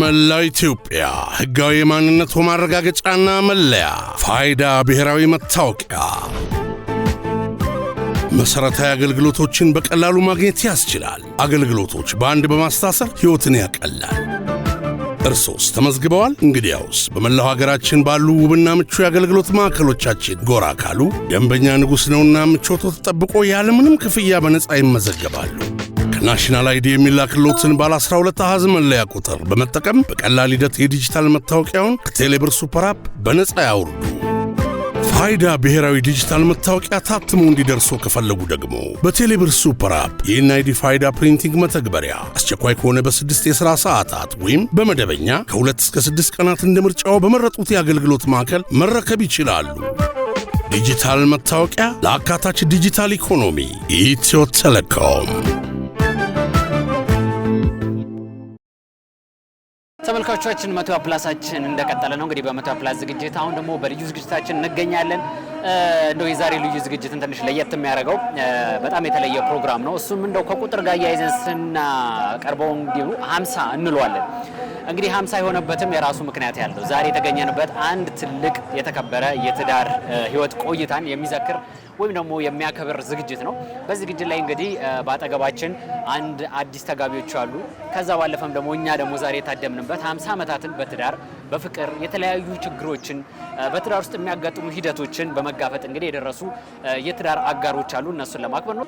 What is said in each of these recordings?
በመላው ኢትዮጵያ ሕጋዊ የማንነቱ ማረጋገጫና መለያ ፋይዳ ብሔራዊ መታወቂያ መሠረታዊ አገልግሎቶችን በቀላሉ ማግኘት ያስችላል። አገልግሎቶች በአንድ በማስታሰር ሕይወትን ያቀላል። እርሶስ ተመዝግበዋል? እንግዲያውስ በመላው ሀገራችን ባሉ ውብና ምቹ የአገልግሎት ማዕከሎቻችን ጎራ ካሉ ደንበኛ ንጉሥ ነውና ምቾቶ ተጠብቆ ያለምንም ክፍያ በነፃ ይመዘገባሉ። ናሽናል አይዲ የሚላክሎትን ባለ 12 አሃዝ መለያ ቁጥር በመጠቀም በቀላል ሂደት የዲጂታል መታወቂያውን ከቴሌብር ሱፐር አፕ በነፃ ያውርዱ። ፋይዳ ብሔራዊ ዲጂታል መታወቂያ ታትሞ እንዲደርሶ ከፈለጉ ደግሞ በቴሌብር ሱፐር አፕ ይህን አይዲ ፋይዳ ፕሪንቲንግ መተግበሪያ አስቸኳይ ከሆነ በስድስት የሥራ ሰዓታት ወይም በመደበኛ ከሁለት እስከ ስድስት ቀናት እንደ ምርጫው በመረጡት የአገልግሎት ማዕከል መረከብ ይችላሉ። ዲጂታል መታወቂያ ለአካታች ዲጂታል ኢኮኖሚ ኢትዮ ቴሌኮም ተመልካቾቻችን መቶ ፕላሳችን እንደቀጠለ ነው። እንግዲህ በመቶ ፕላስ ዝግጅት አሁን ደግሞ በልዩ ዝግጅታችን እንገኛለን። እንደው የዛሬ ልዩ ዝግጅትን ትንሽ ለየት የሚያደርገው በጣም የተለየ ፕሮግራም ነው። እሱም እንደው ከቁጥር ጋር እያይዘን ስናቀርበው እንዲሁ ሀምሳ እንለዋለን። እንግዲህ ሀምሳ የሆነበትም የራሱ ምክንያት ያለው ዛሬ የተገኘንበት አንድ ትልቅ የተከበረ የትዳር ህይወት ቆይታን የሚዘክር ወይም ደግሞ የሚያከብር ዝግጅት ነው። በዚህ ዝግጅት ላይ እንግዲህ በአጠገባችን አንድ አዲስ ተጋቢዎች አሉ። ከዛ ባለፈም ደግሞ እኛ ደግሞ ዛሬ የታደምንበት ሀምሳ ዓመታትን በትዳር በፍቅር የተለያዩ ችግሮችን በትዳር ውስጥ የሚያጋጥሙ ሂደቶችን በመጋፈጥ እንግዲህ የደረሱ የትዳር አጋሮች አሉ። እነሱን ለማክበር ነው።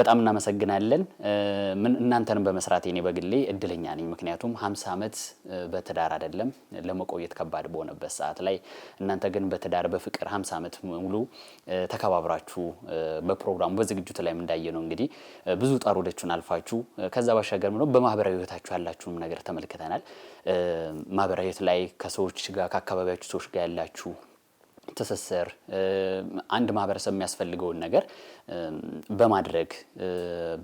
በጣም እናመሰግናለን። ምን እናንተንም በመስራት እኔ በግሌ እድለኛ ነኝ። ምክንያቱም 50 ዓመት በትዳር አይደለም ለመቆየት ከባድ በሆነበት ሰዓት ላይ እናንተ ግን በትዳር በፍቅር 50 ዓመት ሙሉ ተከባብራችሁ በፕሮግራሙ በዝግጅቱ ላይ እንዳየ ነው እንግዲህ ብዙ ውጣ አልፋችሁ ከዛ ባሻገር ምነው በማህበራዊ ህይወታችሁ ያላችሁም ነገር ተመልክተናል። ማህበራዊ ህይወት ላይ ከሰዎች ጋር ከአካባቢያችሁ ሰዎች ጋር ያላችሁ ትስስር አንድ ማህበረሰብ የሚያስፈልገውን ነገር በማድረግ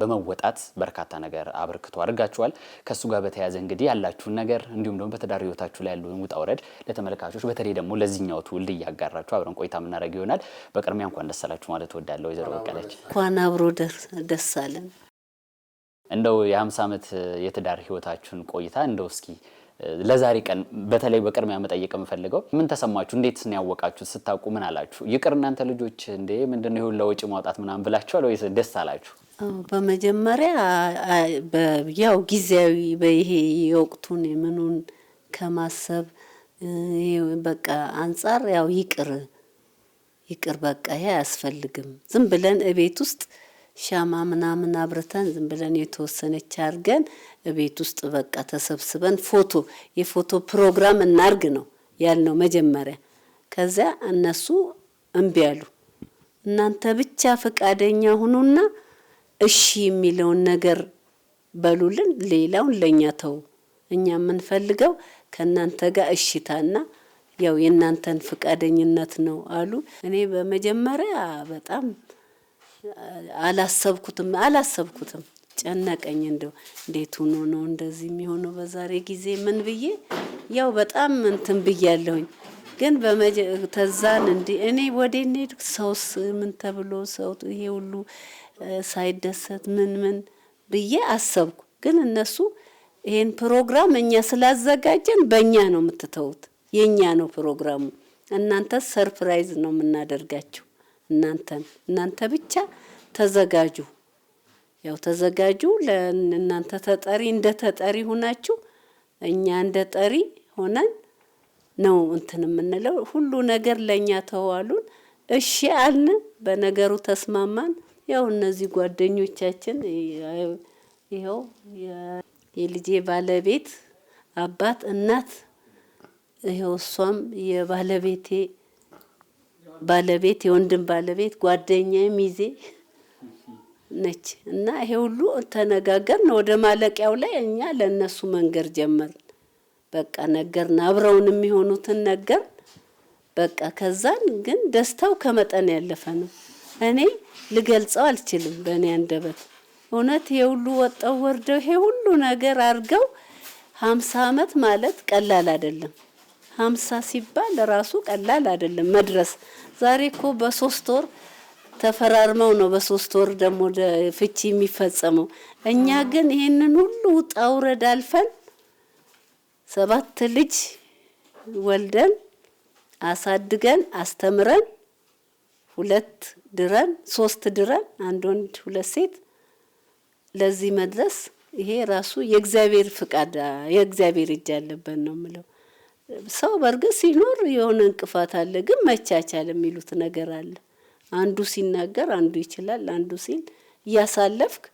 በመወጣት በርካታ ነገር አበርክቶ አድርጋችኋል። ከእሱ ጋር በተያያዘ እንግዲህ ያላችሁን ነገር እንዲሁም ደግሞ በትዳር ህይወታችሁ ላይ ያለውን ውጣ ውረድ ለተመልካቾች በተለይ ደግሞ ለዚህኛው ትውልድ እያጋራችሁ አብረን ቆይታ የምናደርግ ይሆናል። በቅድሚያ እንኳን ደስ አላችሁ ማለት እወዳለሁ። ወይዘሮ በቀለች እንኳን አብሮ ደስ አለን። እንደው የ ዓመት የትዳር ህይወታችሁን ቆይታ እንደው እስኪ ለዛሬ ቀን በተለይ በቅድሚያ መጠየቅ የምፈልገው ምን ተሰማችሁ? እንዴት ስን ያወቃችሁ? ስታውቁ ምን አላችሁ? ይቅር እናንተ ልጆች እንዴ ምንድነው ይሁን ለውጭ ማውጣት ምናምን ብላችኋል ወይስ ደስ አላችሁ? በመጀመሪያ ያው ጊዜያዊ በይሄ የወቅቱን የምኑን ከማሰብ በቃ አንጻር ያው ይቅር ይቅር በቃ ይሄ አያስፈልግም ዝም ብለን እቤት ውስጥ ሻማ ምናምን አብርተን ዝም ብለን የተወሰነች አድርገን ቤት ውስጥ በቃ ተሰብስበን ፎቶ የፎቶ ፕሮግራም እናርግ ነው ያልነው መጀመሪያ። ከዚያ እነሱ እምቢ አሉ። እናንተ ብቻ ፈቃደኛ ሁኑና እሺ የሚለውን ነገር በሉልን፣ ሌላውን ለእኛ ተው። እኛ የምንፈልገው ከእናንተ ጋር እሽታና ያው የእናንተን ፈቃደኝነት ነው አሉ። እኔ በመጀመሪያ በጣም አላሰብኩትም አላሰብኩትም ጨነቀኝ። እንደው እንዴት ሆኖ ነው እንደዚህ የሚሆነው በዛሬ ጊዜ ምን ብዬ ያው በጣም እንትን ብያለሁኝ። ግን ተዛን እንዲ እኔ ወደ ኔድ ሰውስ ምን ተብሎ ሰው ይሄ ሁሉ ሳይደሰት ምን ምን ብዬ አሰብኩ። ግን እነሱ ይሄን ፕሮግራም እኛ ስላዘጋጀን በእኛ ነው የምትተውት፣ የእኛ ነው ፕሮግራሙ። እናንተ ሰርፕራይዝ ነው የምናደርጋቸው እናንተን እናንተ ብቻ ተዘጋጁ። ያው ተዘጋጁ። ለእናንተ ተጠሪ እንደ ተጠሪ ሁናችሁ እኛ እንደ ጠሪ ሆነን ነው እንትን የምንለው። ሁሉ ነገር ለእኛ ተዋሉን። እሺ አልን፣ በነገሩ ተስማማን። ያው እነዚህ ጓደኞቻችን ይኸው የልጄ ባለቤት አባት እናት ይኸው እሷም የባለቤቴ ባለቤት የወንድም ባለቤት ጓደኛዬ ሚዜ ነች እና ይሄ ሁሉ ተነጋገርን። ወደ ማለቂያው ላይ እኛ ለእነሱ መንገር ጀመር። በቃ ነገርን፣ አብረውን የሚሆኑትን ነገር በቃ ከዛን ግን ደስታው ከመጠን ያለፈ ነው። እኔ ልገልጸው አልችልም በእኔ አንደበት። እውነት ይሄ ሁሉ ወጠው ወርደው ይሄ ሁሉ ነገር አድርገው ሀምሳ አመት ማለት ቀላል አይደለም። ሀምሳ ሲባል ራሱ ቀላል አይደለም መድረስ። ዛሬ እኮ በሶስት ወር ተፈራርመው ነው በሶስት ወር ደግሞ ፍቺ የሚፈጸመው። እኛ ግን ይህንን ሁሉ ውጣ ውረድ አልፈን ሰባት ልጅ ወልደን አሳድገን አስተምረን ሁለት ድረን ሶስት ድረን አንድ ወንድ ሁለት ሴት ለዚህ መድረስ ይሄ ራሱ የእግዚአብሔር ፍቃድ የእግዚአብሔር እጅ ያለበት ነው ምለው ሰው በእርግጥ ሲኖር የሆነ እንቅፋት አለ፣ ግን መቻቻል የሚሉት ነገር አለ። አንዱ ሲናገር አንዱ ይችላል፣ አንዱ ሲል እያሳለፍክ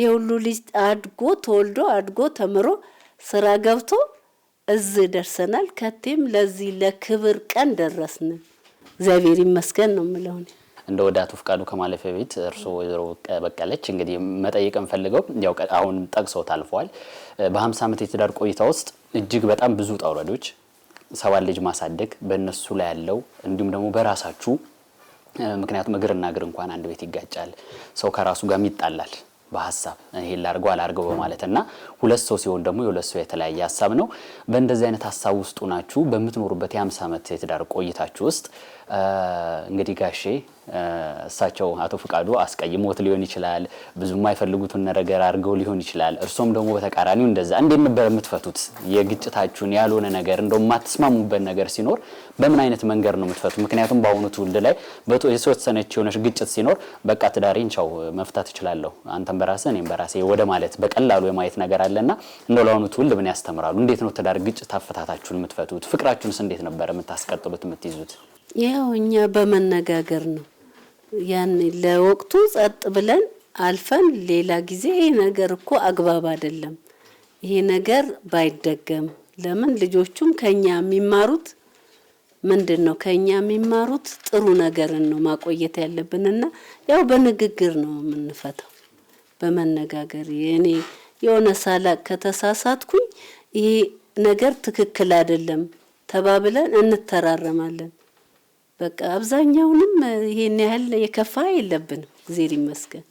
ይህ ሁሉ ልጅ አድጎ ተወልዶ አድጎ ተምሮ ስራ ገብቶ እዚህ ደርሰናል። ከቴም ለዚህ ለክብር ቀን ደረስን፣ እግዚአብሔር ይመስገን ነው የምለው። እንደ ወደ አቶ ፍቃዱ ከማለፊያ ቤት እርስዎ ወይዘሮ በቀለች እንግዲህ መጠየቅ የምፈልገው ያው አሁን ጠቅሰው ታልፈዋል። በ50 ዓመት የትዳር ቆይታ ውስጥ እጅግ በጣም ብዙ ውጣ ውረዶች ሰባት ልጅ ማሳደግ በእነሱ ላይ ያለው እንዲሁም ደግሞ በራሳችሁ ምክንያቱም እግርና እግር እንኳን አንድ ቤት ይጋጫል። ሰው ከራሱ ጋር ይጣላል በሀሳብ ይሄን ላርገው አላርገው በማለት እና ሁለት ሰው ሲሆን ደግሞ የሁለት ሰው የተለያየ ሀሳብ ነው። በእንደዚህ አይነት ሀሳብ ውስጡ ናችሁ በምትኖሩበት የአምስት ዓመት የትዳር ቆይታችሁ ውስጥ እንግዲህ ጋሼ እሳቸው አቶ ፍቃዱ አስቀይሞት ሊሆን ይችላል፣ ብዙ የማይፈልጉትን ነገር አድርገው ሊሆን ይችላል። እርሶም ደግሞ በተቃራኒው እንደዛ እንዴት ነበር የምትፈቱት? የግጭታችሁን ያልሆነ ነገር እንደ የማትስማሙበት ነገር ሲኖር በምን አይነት መንገድ ነው የምትፈቱት? ምክንያቱም በአሁኑ ትውልድ ላይ የተወሰነች የሆነች ግጭት ሲኖር በቃ ትዳሬን ቻው መፍታት እችላለሁ፣ አንተም በራስህ እኔም በራሴ ወደ ማለት በቀላሉ የማየት ነገር አለና እንደ ለአሁኑ ትውልድ ምን ያስተምራሉ? እንዴት ነው ትዳር ግጭት አፈታታችሁን የምትፈቱት? ፍቅራችሁንስ እንዴት ነበር የምታስቀጥሉት የምትይዙት? ያው እኛ በመነጋገር ነው ያን ለወቅቱ ጸጥ ብለን አልፈን ሌላ ጊዜ ይሄ ነገር እኮ አግባብ አይደለም፣ ይሄ ነገር ባይደገም ለምን ልጆቹም ከኛ የሚማሩት ምንድን ነው? ከኛ የሚማሩት ጥሩ ነገርን ነው ማቆየት ያለብንና ያው በንግግር ነው የምንፈታው፣ በመነጋገር እኔ የሆነ ሳላቅ ከተሳሳትኩኝ ይሄ ነገር ትክክል አይደለም ተባብለን እንተራረማለን። በቃ አብዛኛውንም ይሄን ያህል የከፋ የለብንም፣ እግዜር ይመስገን።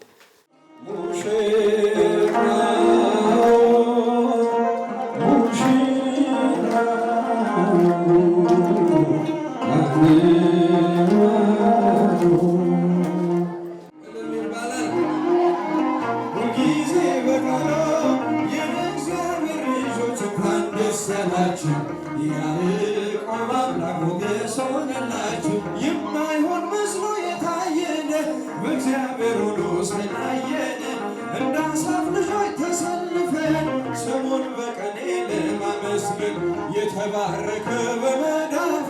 የተባረከ በመዳፉ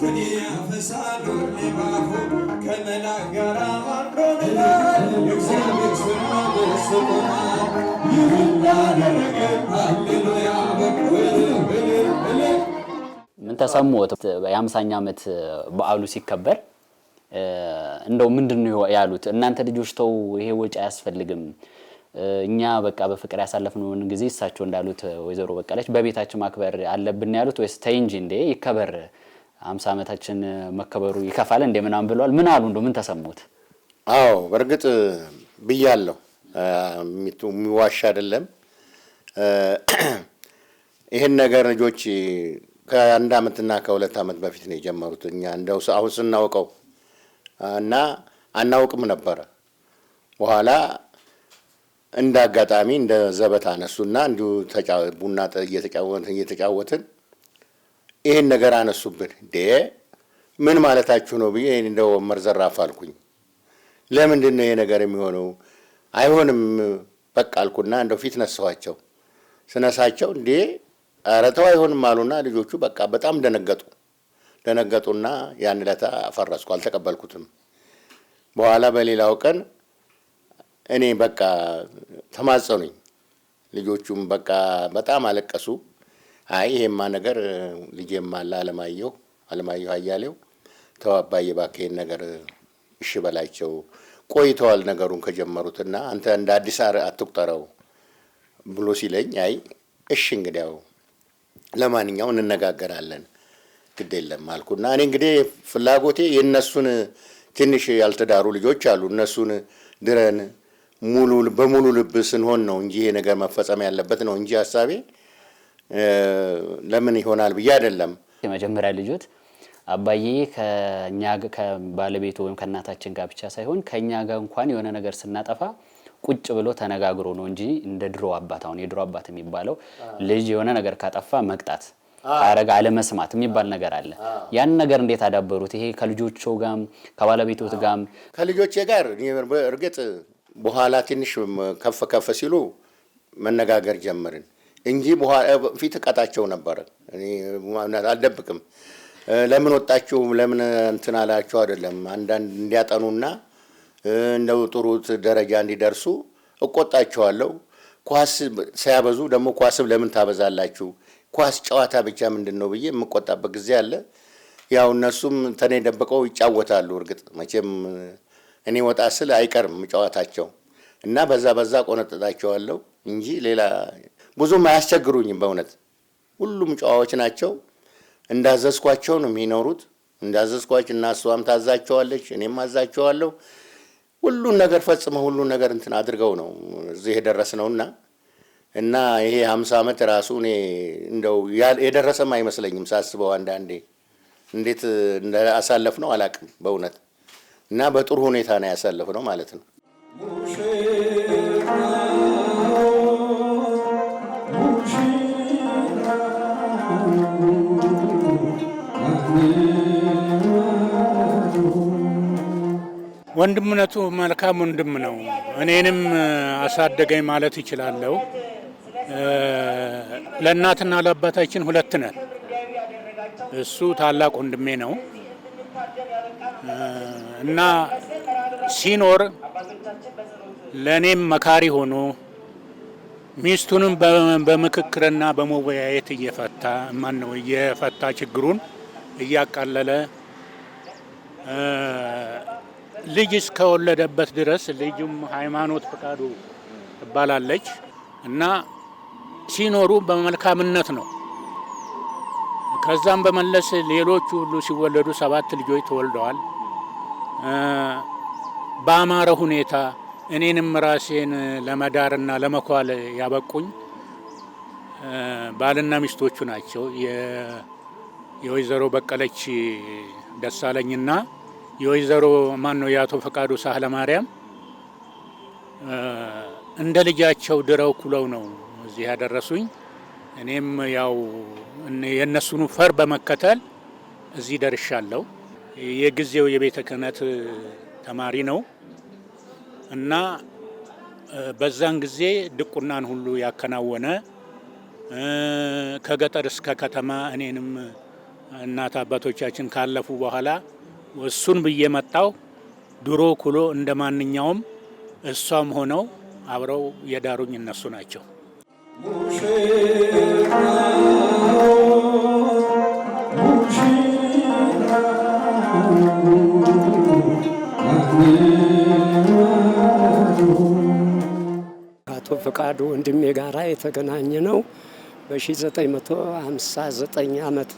ቅኔ ያፈሳል ሁሌ ከመላክ ጋር አብሮ ይኖራል። የእግዚአብሔር ስራ ደስ ብሎናል። ይህን ላደረገ ሃሌሉያ ምን ተሰሙት? የአምሳኛ ዓመት በዓሉ ሲከበር እንደው ምንድን ነው ያሉት? እናንተ ልጆች ተው፣ ይሄ ወጪ አያስፈልግም እኛ በቃ በፍቅር ያሳለፍነውን ጊዜ እሳቸው እንዳሉት ወይዘሮ በቀለች በቤታችን ማክበር አለብን ያሉት ወይስ ተይ እንጂ እንዴ ይከበር አምሳ ዓመታችን መከበሩ ይከፋል እንዴ ምናምን ብለዋል። ምን አሉ? እንደ ምን ተሰሙት? አዎ በእርግጥ ብያለሁ፣ የሚዋሽ አይደለም። ይህን ነገር ልጆች ከአንድ ዓመትና ከሁለት ዓመት በፊት ነው የጀመሩት። እኛ እንደው አሁን ስናውቀው እና አናውቅም ነበረ በኋላ እንደ አጋጣሚ እንደ ዘበት አነሱና እንዲሁ ቡና እየተጫወትን እየተጫወትን ይህን ነገር አነሱብን። ዴ ምን ማለታችሁ ነው ብዬ እንደ ወመር ዘራፍ አልኩኝ። ለምንድን ነው ይሄ ነገር የሚሆነው? አይሆንም በቃ አልኩና እንደው ፊት ነሳኋቸው። ስነሳቸው እንዴ ኧረ ተው አይሆንም አሉና ልጆቹ በቃ በጣም ደነገጡ። ደነገጡና ያን ዕለት አፈረስኩ፣ አልተቀበልኩትም። በኋላ በሌላው ቀን እኔ በቃ ተማጸኑኝ። ልጆቹም በቃ በጣም አለቀሱ። አይ ይሄማ ነገር ልጄማ አለ አለማየሁ አለማየሁ አያሌው ተው አባዬ እባክህ ነገር እሺ በላቸው። ቆይተዋል ነገሩን ከጀመሩትና አንተ እንደ አዲስ አር አትቁጠረው ብሎ ሲለኝ አይ እሺ እንግዲያው ለማንኛው እንነጋገራለን ግድ የለም አልኩና እኔ እንግዲህ ፍላጎቴ የእነሱን ትንሽ ያልተዳሩ ልጆች አሉ እነሱን ድረን ሙሉ በሙሉ ልብ ስንሆን ነው እንጂ ይሄ ነገር መፈጸም ያለበት ነው እንጂ ሀሳቤ ለምን ይሆናል ብዬ አይደለም። የመጀመሪያ ልጆት አባዬ ከኛ ከባለቤቱ ወይም ከእናታችን ጋር ብቻ ሳይሆን ከኛ ጋር እንኳን የሆነ ነገር ስናጠፋ ቁጭ ብሎ ተነጋግሮ ነው እንጂ እንደ ድሮ አባት አሁን የድሮ አባት የሚባለው ልጅ የሆነ ነገር ካጠፋ መቅጣት ካረገ አለመስማት የሚባል ነገር አለ። ያን ነገር እንዴት አዳበሩት? ይሄ ከልጆቹ ጋም ከባለቤቶት ጋም ከልጆቼ ጋር እርግጥ በኋላ ትንሽ ከፍ ከፍ ሲሉ መነጋገር ጀመርን እንጂ ፊት እቀጣቸው ነበረ። አልደብቅም። ለምን ወጣችሁ ለምን እንትን አላችሁ አይደለም። አንዳንድ እንዲያጠኑና እንደው ጥሩት ደረጃ እንዲደርሱ እቆጣቸዋለሁ። ኳስ ሳያበዙ ደግሞ ኳስም ለምን ታበዛላችሁ? ኳስ ጨዋታ ብቻ ምንድን ነው ብዬ የምቆጣበት ጊዜ አለ። ያው እነሱም ተኔ ደብቀው ይጫወታሉ። እርግጥ መቼም እኔ ወጣ ስል አይቀርም ጨዋታቸው እና በዛ በዛ ቆነጠጣቸዋለሁ እንጂ ሌላ ብዙም አያስቸግሩኝም። በእውነት ሁሉም ጨዋዎች ናቸው። እንዳዘዝኳቸው ነው የሚኖሩት። እንዳዘዝኳቸው እና እሷም ታዛቸዋለች፣ እኔም አዛቸዋለሁ። ሁሉን ነገር ፈጽመው ሁሉን ነገር እንትን አድርገው ነው እዚህ የደረስ ነውና እና ይሄ ሀምሳ ዓመት ራሱ እኔ እንደው የደረሰም አይመስለኝም ሳስበው አንዳንዴ እንዴት እንዳሳለፍ ነው አላቅም በእውነት እና በጥሩ ሁኔታ ነው ነው ማለት ነው። ወንድምነቱ መልካም ወንድም ነው። እኔንም አሳደገኝ ማለት ይችላለሁ። ለእናትና ለአባታችን ሁለት ነን። እሱ ታላቅ ወንድሜ ነው። እና ሲኖር ለእኔም መካሪ ሆኖ ሚስቱንም በምክክርና በመወያየት እየፈታ ማን ነው እየፈታ ችግሩን እያቃለለ ልጅ እስከወለደበት ድረስ ልጁም ሃይማኖት ፈቃዱ ትባላለች እና ሲኖሩ በመልካምነት ነው። ከዛም በመለስ ሌሎቹ ሁሉ ሲወለዱ ሰባት ልጆች ተወልደዋል። በአማረ ሁኔታ እኔንም ራሴን ለመዳርና ለመኳል ያበቁኝ ባልና ሚስቶቹ ናቸው። የወይዘሮ በቀለች ደሳለኝና የወይዘሮ ማን ነው የአቶ ፈቃዱ ሳህለ ማርያም እንደ ልጃቸው ድረው ኩለው ነው እዚህ ያደረሱኝ። እኔም ያው የእነሱኑ ፈር በመከተል እዚህ ደርሻለሁ። የጊዜው የቤተ ክህነት ተማሪ ነው እና በዛን ጊዜ ድቁናን ሁሉ ያከናወነ ከገጠር እስከ ከተማ እኔንም እናት አባቶቻችን ካለፉ በኋላ እሱን ብዬ መጣው ድሮ ኩሎ እንደ ማንኛውም እሷም ሆነው አብረው የዳሩኝ እነሱ ናቸው። ሙሽራ ሙሽራ አቶ ፈቃዱ ወንድሜ ጋራ የተገናኘ ነው በ1959 ዓመት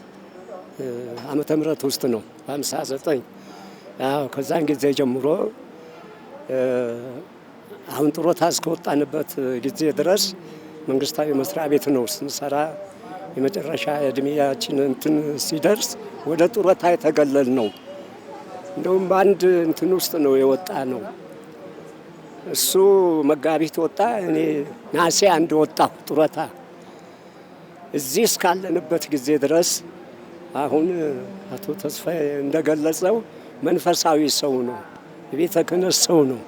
ዓመተ ምህረት ውስጥ ነው። በ59 ከዛን ጊዜ ጀምሮ አሁን ጡረታ እስከወጣንበት ጊዜ ድረስ መንግስታዊ መስሪያ ቤት ነው ስንሰራ የመጨረሻ እድሜያችን እንትን ሲደርስ ወደ ጡረታ የተገለል ነው። እንደውም በአንድ እንትን ውስጥ ነው የወጣ ነው። እሱ መጋቢት ወጣ፣ እኔ ነሐሴ አንድ ወጣሁ ጡረታ። እዚህ እስካለንበት ጊዜ ድረስ አሁን አቶ ተስፋዬ እንደገለጸው መንፈሳዊ ሰው ነው፣ የቤተ ክህነት ሰው ነው፣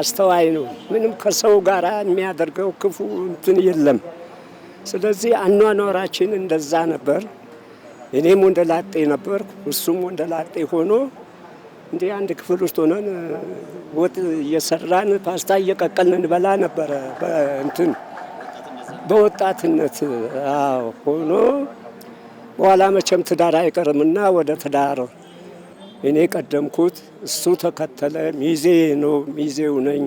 አስተዋይ ነው። ምንም ከሰው ጋር የሚያደርገው ክፉ እንትን የለም። ስለዚህ አኗኗራችን እንደዛ ነበር። እኔም ወንደላጤ ነበር እሱም ወንደላጤ ሆኖ እንደ አንድ ክፍል ውስጥ ሆነን ወጥ እየሰራን ፓስታ እየቀቀልን እንበላ ነበረ። እንትን በወጣትነት አዎ፣ ሆኖ በኋላ መቼም ትዳር አይቀርምና ወደ ትዳር እኔ ቀደምኩት፣ እሱ ተከተለ። ሚዜ ነው ሚዜው ነኝ።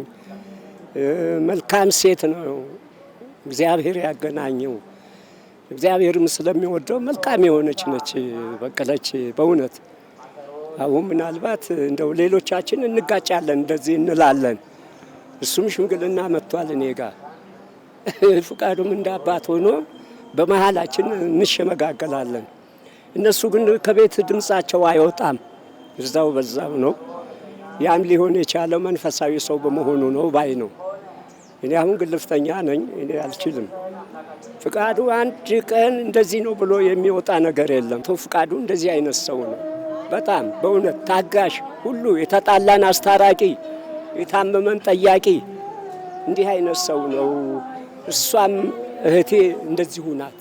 መልካም ሴት ነው እግዚአብሔር ያገናኘው። እግዚአብሔርም ስለሚወደው መልካም የሆነች ነች በቀለች በእውነት አሁን ምናልባት እንደው ሌሎቻችን እንጋጫለን እንደዚህ እንላለን። እሱም ሽምግልና መጥቷል እኔ ጋር ፍቃዱም እንደ አባት ሆኖ በመሃላችን እንሸመጋገላለን። እነሱ ግን ከቤት ድምፃቸው አይወጣም፣ እዛው በዛው ነው። ያም ሊሆን የቻለው መንፈሳዊ ሰው በመሆኑ ነው ባይ ነው። እኔ አሁን ግልፍተኛ ነኝ፣ እኔ አልችልም። ፍቃዱ አንድ ቀን እንደዚህ ነው ብሎ የሚወጣ ነገር የለም። ፍቃዱ እንደዚህ አይነት ሰው ነው። በጣም በእውነት ታጋሽ ሁሉ የተጣላን አስታራቂ፣ የታመመን ጠያቂ እንዲህ አይነት ሰው ነው። እሷም እህቴ እንደዚሁ ናት።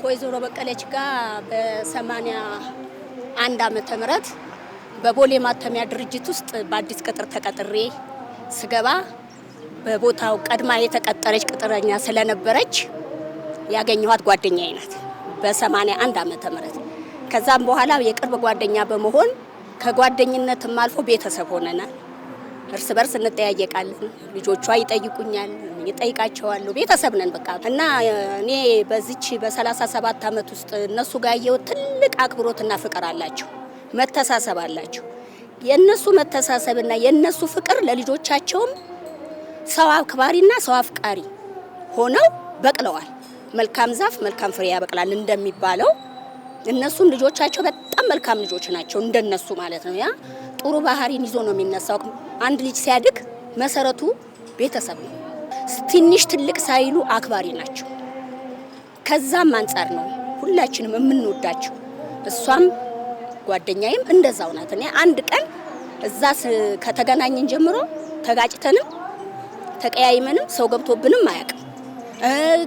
ከወይዘሮ በቀለች ጋር በሰማንያ አንድ ዓመተ ምህረት። በቦሌ ማተሚያ ድርጅት ውስጥ በአዲስ ቅጥር ተቀጥሬ ስገባ በቦታው ቀድማ የተቀጠረች ቅጥረኛ ስለነበረች ያገኘኋት ጓደኛዬ ናት በ81 ዓመተ ምህረት ከዛም በኋላ የቅርብ ጓደኛ በመሆን ከጓደኝነትም አልፎ ቤተሰብ ሆነናል። እርስ በርስ እንጠያየቃለን። ልጆቿ ይጠይቁኛል፣ ይጠይቃቸዋሉ። ቤተሰብ ነን በቃ እና እኔ በዚች በ37 ዓመት ውስጥ እነሱ ጋር የው ትልቅ አክብሮትና ፍቅር አላቸው። መተሳሰብ አላቸው። የነሱ መተሳሰብና የነሱ ፍቅር ለልጆቻቸውም ሰው አክባሪና ሰው አፍቃሪ ሆነው በቅለዋል። መልካም ዛፍ መልካም ፍሬ ያበቅላል እንደሚባለው እነሱም ልጆቻቸው በጣም መልካም ልጆች ናቸው። እንደነሱ ማለት ነው። ያ ጥሩ ባህሪን ይዞ ነው የሚነሳው። አንድ ልጅ ሲያድግ መሰረቱ ቤተሰብ ነው። ትንሽ ትልቅ ሳይሉ አክባሪ ናቸው። ከዛም አንጻር ነው ሁላችንም የምንወዳቸው እሷም ጓደኛዬም እንደዛው ናት። እኔ አንድ ቀን እዛ ከተገናኘን ጀምሮ ተጋጭተንም ተቀያይመንም ሰው ገብቶብንም አያውቅም።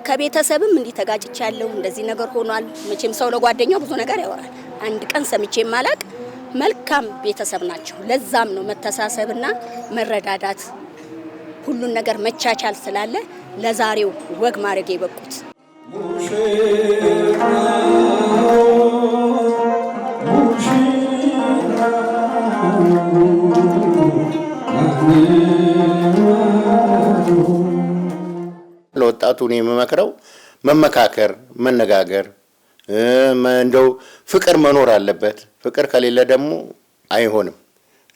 ከቤተሰብም እንዲህ ተጋጭቻ ያለው እንደዚህ ነገር ሆኗል። መቼም ሰው ለጓደኛው ብዙ ነገር ያወራል። አንድ ቀን ሰምቼ ማላቅ መልካም ቤተሰብ ናቸው። ለዛም ነው መተሳሰብና መረዳዳት ሁሉን ነገር መቻቻል ስላለ ለዛሬው ወግ ማድረግ የበቁት ለወጣቱን የምመክረው መመካከር፣ መነጋገር እንደው ፍቅር መኖር አለበት። ፍቅር ከሌለ ደግሞ አይሆንም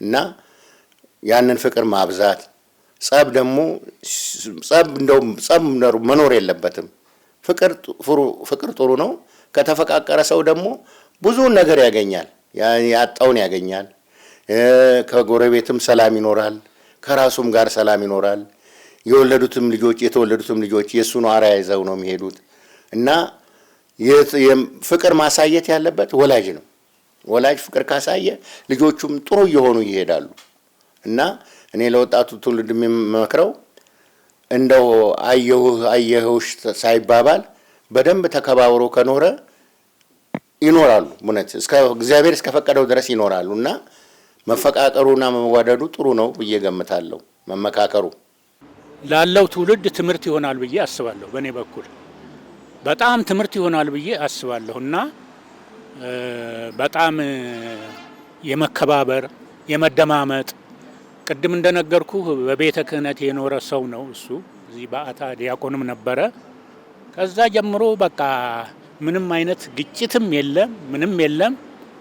እና ያንን ፍቅር ማብዛት ጸብ ደግሞ ጸብ እንደው ጸብ መኖር የለበትም። ፍቅር ጥሩ ነው። ከተፈቃቀረ ሰው ደግሞ ብዙውን ነገር ያገኛል፣ ያጣውን ያገኛል። ከጎረቤትም ሰላም ይኖራል፣ ከራሱም ጋር ሰላም ይኖራል። የወለዱትም ልጆች የተወለዱትም ልጆች የእሱን አርአያ ይዘው ነው የሚሄዱት እና ፍቅር ማሳየት ያለበት ወላጅ ነው። ወላጅ ፍቅር ካሳየ ልጆቹም ጥሩ እየሆኑ ይሄዳሉ እና እኔ ለወጣቱ ትውልድ የሚመክረው እንደው አየሁህ አየሁሽ ሳይባባል በደንብ ተከባብሮ ከኖረ ይኖራሉ። እውነት እግዚአብሔር እስከፈቀደው ድረስ ይኖራሉ እና መፈቃቀሩና መዋደዱ ጥሩ ነው ብዬ ገምታለሁ። መመካከሩ ላለው ትውልድ ትምህርት ይሆናል ብዬ አስባለሁ። በእኔ በኩል በጣም ትምህርት ይሆናል ብዬ አስባለሁ እና በጣም የመከባበር የመደማመጥ ቅድም እንደነገርኩ በቤተ ክህነት የኖረ ሰው ነው እሱ። እዚህ በአታ ዲያቆንም ነበረ። ከዛ ጀምሮ በቃ ምንም አይነት ግጭትም የለም ምንም የለም።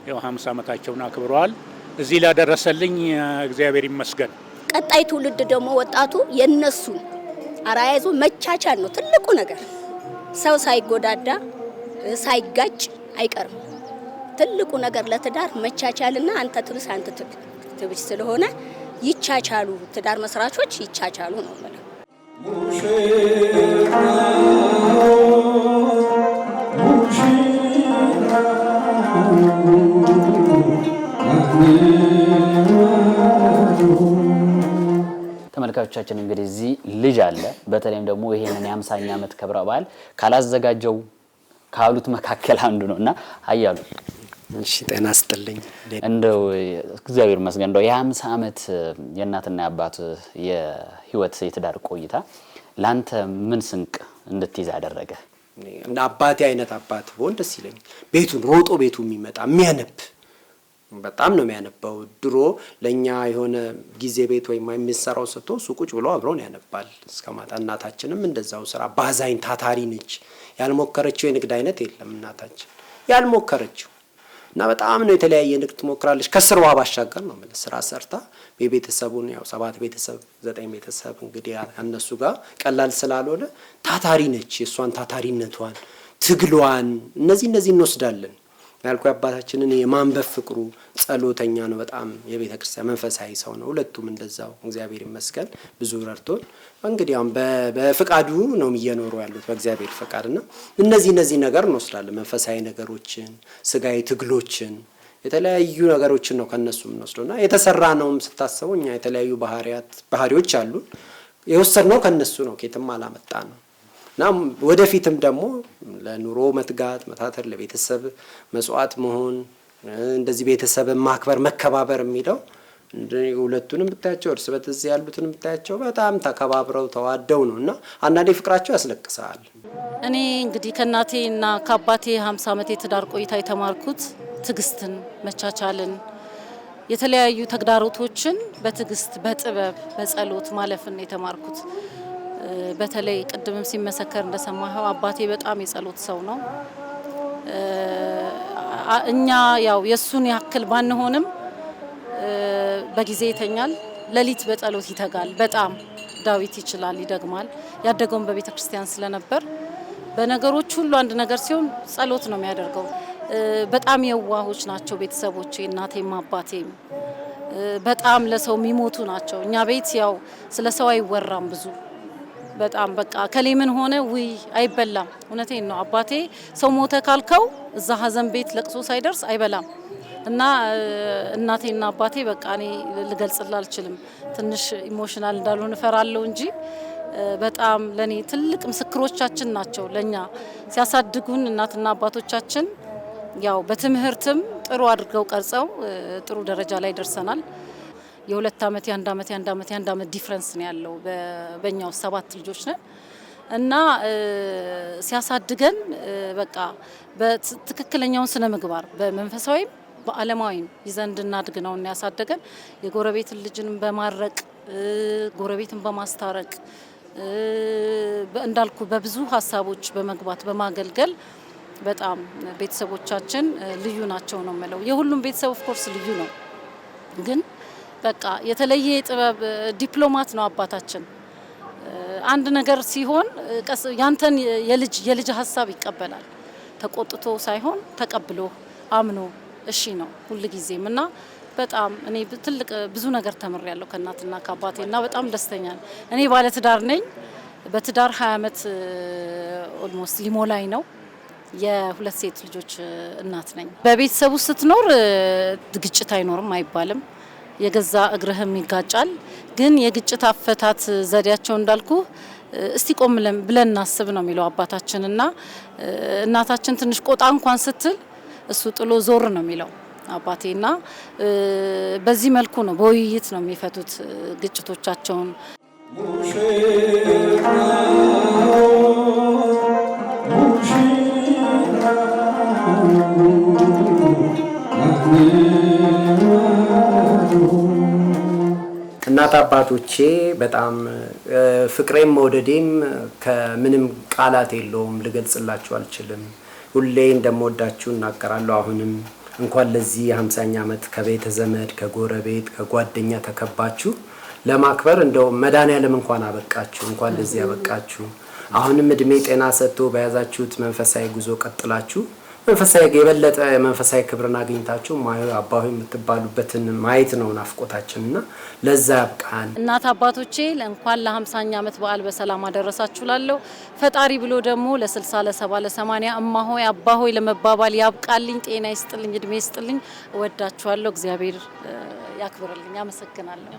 ያው ሀምሳ ዓመታቸውን አክብረዋል። እዚህ ላደረሰልኝ እግዚአብሔር ይመስገን። ቀጣይ ትውልድ ደግሞ ወጣቱ የነሱን አርአያ ይዞ መቻቻል ነው ትልቁ ነገር። ሰው ሳይጎዳዳ ሳይጋጭ አይቀርም። ትልቁ ነገር ለትዳር መቻቻልና አንተ ትብስ አንተ ትብስ ስለሆነ ይቻቻሉ፣ ትዳር መስራቾች ይቻቻሉ ነው ማለት ሙሽራ ሙሽራ ተመልካቾቻችን እንግዲህ እዚህ ልጅ አለ። በተለይም ደግሞ ይሄንን የአምሳኛ ዓመት ክብረ በዓል ካላዘጋጀው ካሉት መካከል አንዱ ነው እና አያሉ እሺ፣ ጤና ስጥልኝ። እንደው እግዚአብሔር ይመስገን እንደው የአምሳ ዓመት የእናትና የአባት የህይወት የትዳር ቆይታ ለአንተ ምን ስንቅ እንድትይዝ አደረገ? እንደ አባቴ አይነት አባት በሆን ደስ ይለኛል። ቤቱን ሮጦ ቤቱ የሚመጣ የሚያነብ በጣም ነው የሚያነባው ድሮ ለእኛ የሆነ ጊዜ ቤት ወይም የሚሰራው ስቶ ሱቁጭ ብሎ አብሮን ያነባል እስከ ማታ። እናታችንም እንደዛው ስራ ባዛኝ ታታሪ ነች። ያልሞከረችው የንግድ አይነት የለም እናታችን ያልሞከረችው እና በጣም ነው የተለያየ ንግድ ትሞክራለች። ከስራዋ ባሻገር ነው ምን ስራ ሰርታ የቤተሰቡን ያው ሰባት ቤተሰብ ዘጠኝ ቤተሰብ እንግዲህ እነሱ ጋር ቀላል ስላልሆነ ታታሪ ነች። የእሷን ታታሪነቷን ትግሏን እነዚህ እነዚህ እንወስዳለን። ያልኩ አባታችንን የማንበብ ፍቅሩ ጸሎተኛ ነው በጣም የቤተ ክርስቲያን መንፈሳዊ ሰው ነው። ሁለቱም እንደዛው እግዚአብሔር ይመስገን ብዙ ረድቶን እንግዲያውም በፍቃዱ ነው እየኖሩ ያሉት በእግዚአብሔር ፈቃድ እና እነዚህ እነዚህ ነገር እንወስዳለን መንፈሳዊ ነገሮችን፣ ስጋዊ ትግሎችን፣ የተለያዩ ነገሮችን ነው ከእነሱ የምንወስደው እና የተሰራ ነውም ስታስበው እኛ የተለያዩ ባህሪያት ባህሪዎች አሉ የወሰድነው ከእነሱ ነው ኬትም አላመጣ ነው እና ወደፊትም ደግሞ ለኑሮ መትጋት መታተር፣ ለቤተሰብ መስዋዕት መሆን እንደዚህ ቤተሰብን ማክበር መከባበር የሚለው ሁለቱንም ብታያቸው እርስ በርስ ያሉትን ብታያቸው በጣም ተከባብረው ተዋደው ነው እና አንዳንዴ ፍቅራቸው ያስለቅሳል። እኔ እንግዲህ ከእናቴ እና ከአባቴ ሀምሳ ዓመት የትዳር ቆይታ የተማርኩት ትዕግስትን፣ መቻቻልን፣ የተለያዩ ተግዳሮቶችን በትዕግስት በጥበብ በጸሎት ማለፍን የተማርኩት በተለይ ቅድምም ሲመሰከር እንደሰማኸው አባቴ በጣም የጸሎት ሰው ነው። እኛ ያው የእሱን ያክል ባንሆንም በጊዜ ይተኛል፣ ሌሊት በጸሎት ይተጋል። በጣም ዳዊት ይችላል፣ ይደግማል። ያደገውን በቤተ ክርስቲያን ስለነበር በነገሮች ሁሉ አንድ ነገር ሲሆን ጸሎት ነው የሚያደርገው። በጣም የዋሆች ናቸው ቤተሰቦቼ፣ እናቴም አባቴም በጣም ለሰው የሚሞቱ ናቸው። እኛ ቤት ያው ስለ ሰው አይወራም ብዙ በጣም በቃ ከሌምን ሆነ ውይ አይበላም። እውነቴን ነው አባቴ ሰው ሞተ ካልከው እዛ ሀዘን ቤት ለቅሶ ሳይደርስ አይበላም። እና እናቴና አባቴ በቃ እኔ ልገልጽላ አልችልም። ትንሽ ኢሞሽናል እንዳልሆን እፈራለሁ እንጂ በጣም ለእኔ ትልቅ ምስክሮቻችን ናቸው። ለእኛ ሲያሳድጉን እናትና አባቶቻችን ያው በትምህርትም ጥሩ አድርገው ቀርጸው ጥሩ ደረጃ ላይ ደርሰናል። የሁለት ዓመት የአንድ ዓመት የአንድ ዓመት የአንድ ዓመት ዲፍረንስ ነው ያለው በእኛው ሰባት ልጆች ነን እና ሲያሳድገን በቃ በትክክለኛውን ስነ ምግባር በመንፈሳዊም በዓለማዊም ይዘን እንድናድግ ነው እና ያሳደገን የጎረቤትን ልጅን በማረቅ ጎረቤትን በማስታረቅ እንዳልኩ በብዙ ሀሳቦች በመግባት በማገልገል በጣም ቤተሰቦቻችን ልዩ ናቸው ነው የምለው። የሁሉም ቤተሰብ ኦፍኮርስ ልዩ ነው ግን በቃ የተለየ የጥበብ ዲፕሎማት ነው አባታችን። አንድ ነገር ሲሆን ያንተን የልጅ የልጅ ሀሳብ ይቀበላል። ተቆጥቶ ሳይሆን ተቀብሎ አምኖ እሺ ነው ሁል ጊዜም እና በጣም እኔ ትልቅ ብዙ ነገር ተምሬያለሁ ከእናትና ከአባቴ እና በጣም ደስተኛ ነው። እኔ ባለትዳር ነኝ። በትዳር 2 ዓመት ኦልሞስት ሊሞላኝ ነው። የሁለት ሴት ልጆች እናት ነኝ። በቤተሰቡ ስትኖር ግጭት አይኖርም አይባልም። የገዛ እግርህም ይጋጫል። ግን የግጭት አፈታት ዘዴያቸው እንዳልኩ እስቲ ቆም ብለን እናስብ ነው የሚለው አባታችን እና እናታችን ትንሽ ቆጣ እንኳን ስትል እሱ ጥሎ ዞር ነው የሚለው አባቴ እና በዚህ መልኩ ነው በውይይት ነው የሚፈቱት ግጭቶቻቸውን። እናት አባቶቼ በጣም ፍቅሬም መውደዴም ከምንም ቃላት የለውም፣ ልገልጽላችሁ አልችልም። ሁሌ እንደምወዳችሁ እናገራለሁ። አሁንም እንኳን ለዚህ ሃምሳኛ ዓመት ከቤተ ዘመድ፣ ከጎረቤት፣ ከጓደኛ ተከባችሁ ለማክበር እንደው ያለም እንኳን አበቃችሁ፣ እንኳን ለዚህ አበቃችሁ። አሁንም እድሜ ጤና ሰጥቶ በያዛችሁት መንፈሳዊ ጉዞ ቀጥላችሁ መንፈሳዊ የበለጠ መንፈሳዊ ክብርን አግኝታችሁ አባሁ የምትባሉበትን ማየት ነው ናፍቆታችን እና ለዛ ያብቃን። እናት አባቶቼ እንኳን ለሀምሳኛ ዓመት በዓል በሰላም አደረሳችሁ ላለው ፈጣሪ ብሎ ደግሞ ለስልሳ ለሰባ ለሰማኒያ እማሆይ አባሆይ ለመባባል ያብቃልኝ፣ ጤና ይስጥልኝ፣ እድሜ ይስጥልኝ። እወዳችኋለሁ። እግዚአብሔር ያክብርልኝ። አመሰግናለሁ።